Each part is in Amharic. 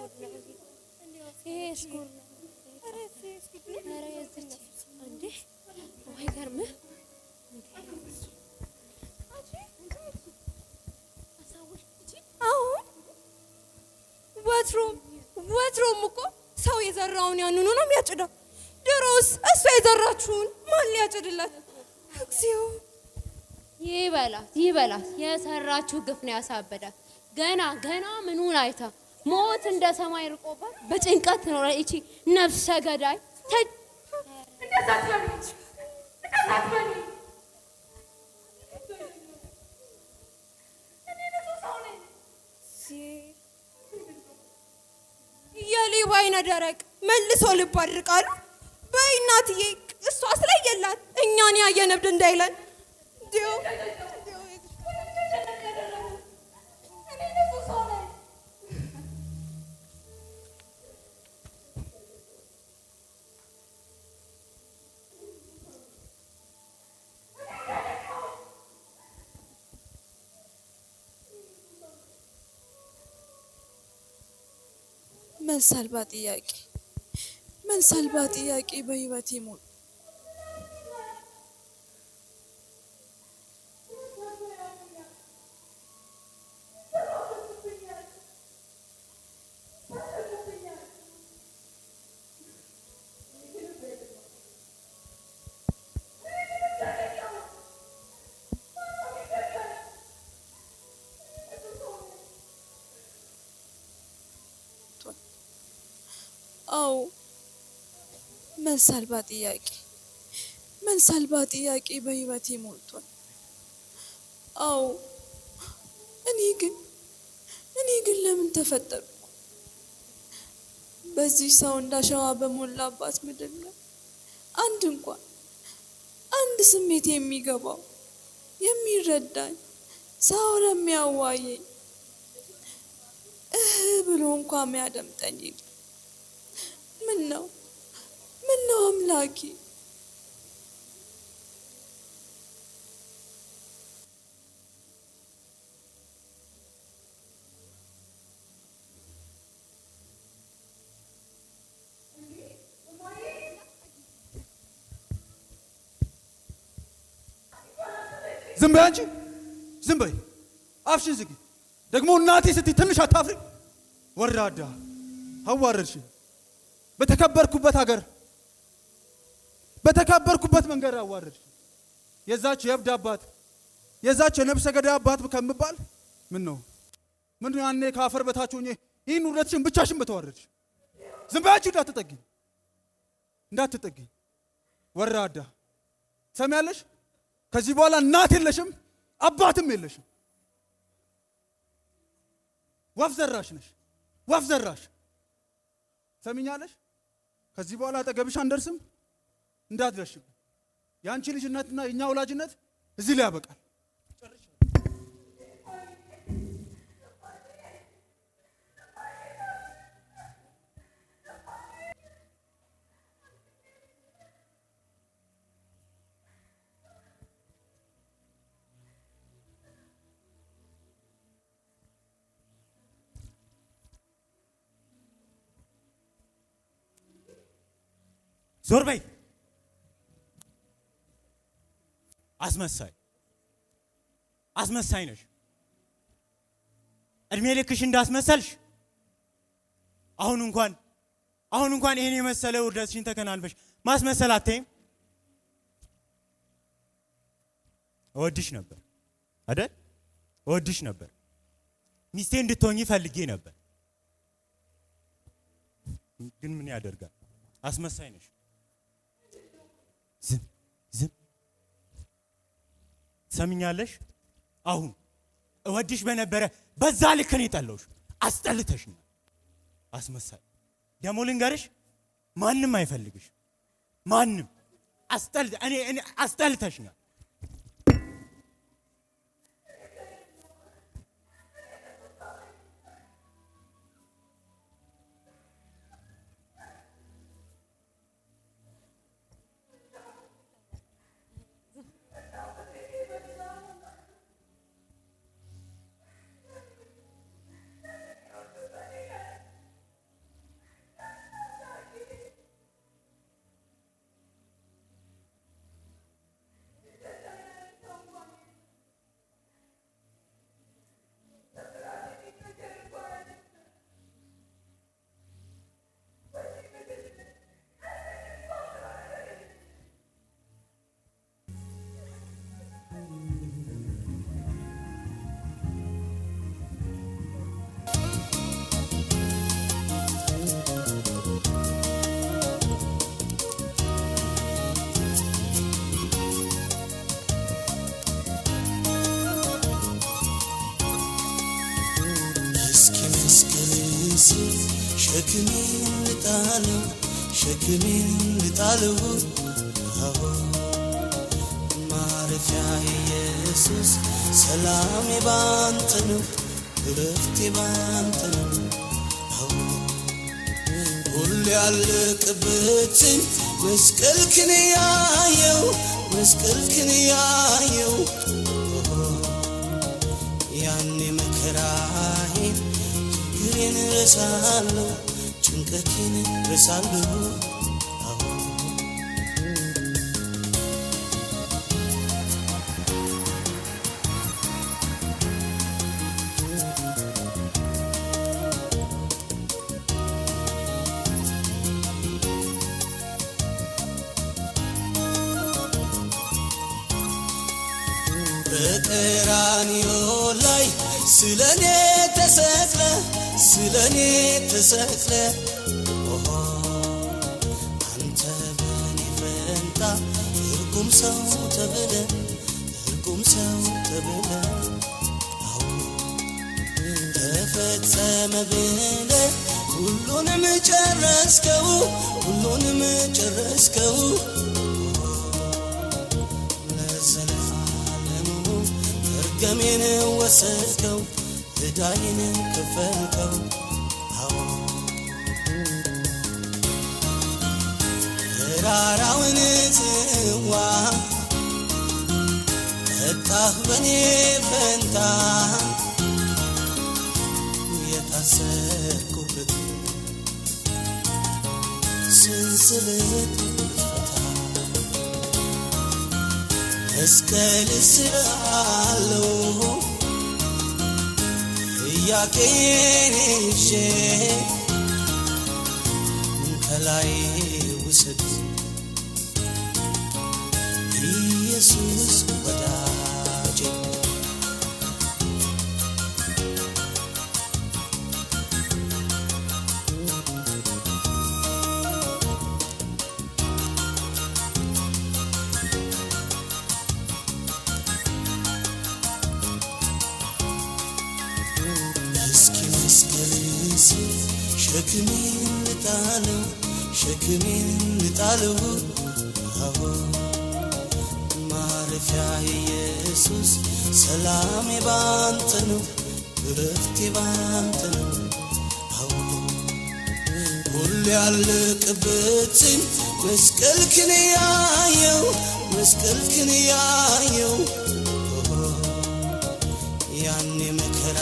አሁን ወትሮም ወትሮም እኮ ሰው የዘራውን ያንኑ ነው የሚያጭደው። ድሮስ እሷ የዘራችሁን ማን ሊያጭድላት? እግዚኦ ይበላት ይበላት። የሰራችሁ ግፍ ነው ያሳበዳት። ገና ገና ምኑን አይታ ሞት እንደ ሰማይ ርቆባት በጭንቀት ነው ይቺ ነፍሰ ገዳይ። የሌባ አይነ ደረቅ መልሶ ልብ አድርቃሉ። በይ እናትዬ፣ እሷ ስለየላት እኛን ያየ ነብድ እንዳይለን መልስ አልባ ጥያቄ መልስ አልባ ጥያቄ በህይወቴ ሞላ። ነው? መልስ አልባ ጥያቄ መልስ አልባ ጥያቄ በህይወቴ ሞልቷል። አዎ እኔ ግን እኔ ግን ለምን ተፈጠርኩ? በዚህ ሰው እንዳሸዋ በሞላባት ምድር ላይ አንድ እንኳን አንድ ስሜት የሚገባው የሚረዳኝ ሰው የሚያዋየኝ እህ ብሎ እንኳን የሚያደምጠኝ ምን ነው ምን ነው አምላኬ ዝም በይ አንቺ፣ ዝም በይ አፍሽን ዝጊ። ደግሞ እናቴ ስትይ ትንሽ አታፍሪ? ወራዳ አዋረድሽኝ። በተከበርኩበት ሀገር በተከበርኩበት መንገድ አዋረድ የዛች የእብድ አባት የዛች የነብሰ ገዳይ አባት ከምባል ምን ነው ምን ያኔ ከአፈር በታች ሆኜ ይህን ሁለትሽን ብቻሽን በተዋረድ ዝም በያችሁ እንዳትጠጊኝ እንዳትጠጊኝ ወራዳ ሰሚያለሽ ከዚህ በኋላ እናት የለሽም አባትም የለሽም ወፍ ዘራሽ ነሽ ወፍ ዘራሽ ሰሚኛለሽ? ከዚህ በኋላ አጠገብሽ አንደርስም፣ እንዳትደርሽብን። የአንቺ ልጅነትና የእኛ ወላጅነት እዚህ ላይ ያበቃል። ዞር በይ አስመሳይ አስመሳይ ነሽ። እድሜ ልክሽ እንዳስመሰልሽ አሁን እንኳን አሁን እንኳን ይሄን የመሰለ ውርደትሽን ተከናንፈሽ ማስመሰል አትይም። እወድሽ ነበር አይደል? እወድሽ ነበር። ሚስቴ እንድትሆኚ ፈልጌ ነበር። ግን ምን ያደርጋል፣ አስመሳይ ነሽ። ዝም ዝም ትሰሚኛለሽ። አሁን እወድሽ በነበረ በዛ ልክ ነው የጠላሁሽ። አስጠልተሽኛል። አስመሳይ ደሞ ልንገርሽ፣ ማንም አይፈልግሽ። ማንም አስጠልተሽኛል። መስቀልን ስል ሸክሜን ልጣለው ሸክሜን ልጣለው አዎ ማረፊያ ኢየሱስ ሰላሜ ባንተ ነው እረፍቴ ባንተ ነው አዎ ሁሉ ያለቅብትን መስቀልክን ያየው መስቀልክን ያየው ጭንቀቴን ረሳለሁ ጭንቀቴን ረሳለሁ በቀራንዮ ላይ ስለኔ ስለኔ ተሰቅለ አንተ በኔ ፈንታ እርጉም ሰው ተብለ እርጉም ሰው ተብለ ተፈጸመ ብለ ሁሉንም ጨረስከው ሁሉንም ጨረስከው ለዘለዓለሙ መርገሜን ወሰድከው እዳይን ክፈልከው አዎ ተራራውን ጽዋ ጠጣህ በኔ ፈንታ የታሰርኩበት ስንስለት ፈታ መስቀል ስላለው ጥያቄሽ ከላይ ውሰድ ኢየሱስ ሸክሜን ልጣለው ሸክሜን ልጣለው አዎ ማረፊያ ኢየሱስ ሰላሜ ባንተ ነው እረፍቴ ባንተ ነው አዎ ሁሌ ያለቅበትን መስቀልክን ያየው መስቀልክን ያየው ያኔ መከራ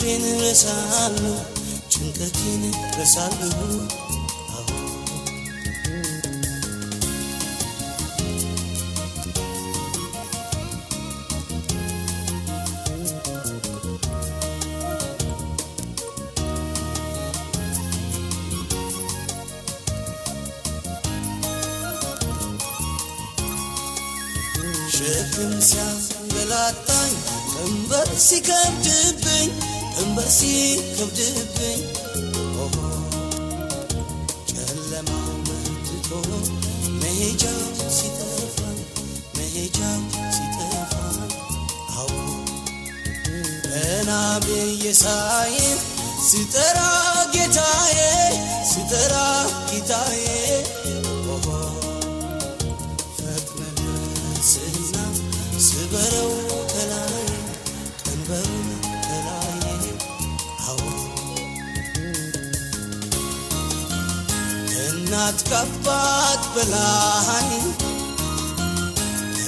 ችግሬን ረሳለሁ፣ ጭንቀቴን ረሳለሁ። ሸክም ሲያንገላታኝ እንበር ሲከብድብኝ እንበሲ ከብድብኝ ኦሆ ጨለማ መርትቶ መሄጃው ሲጠፋ መሄጃው ሲጠፋ አዎ ቀና ብዬ ሳይን ስጠራ ጌታዬ ስጠራ ጌታዬ ኦሆ ፈጥነ ስና ስበረው እናት ከአባት በላይ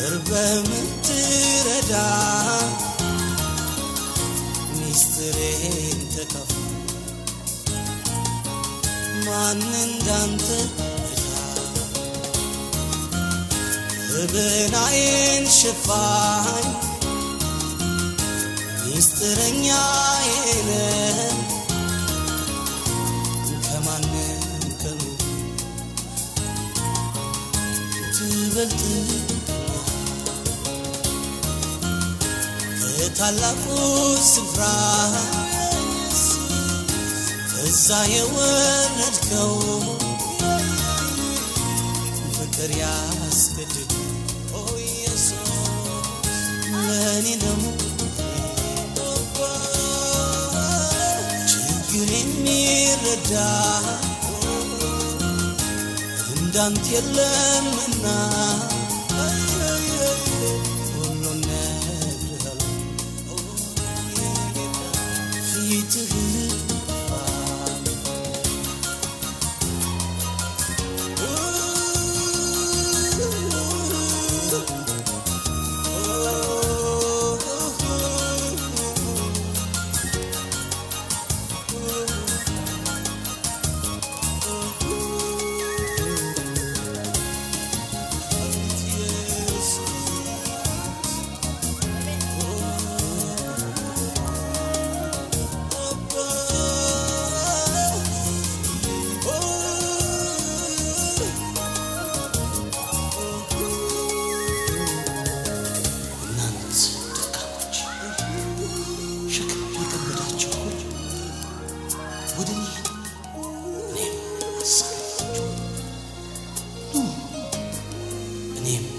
እርበህ ምትረዳ ሚስትሬን ተካፋ ማን እንዳንተ ብናዬን ሽፋኝ ሚስጥረኛዬን ከማንም ይበልጥ ከታላቁ ስፍራ እዛ የወረድከው ፍቅር ያስገድድ ኢየሱስ ለእኔ ችግር የሚረዳ እንዳንት የለምና ним.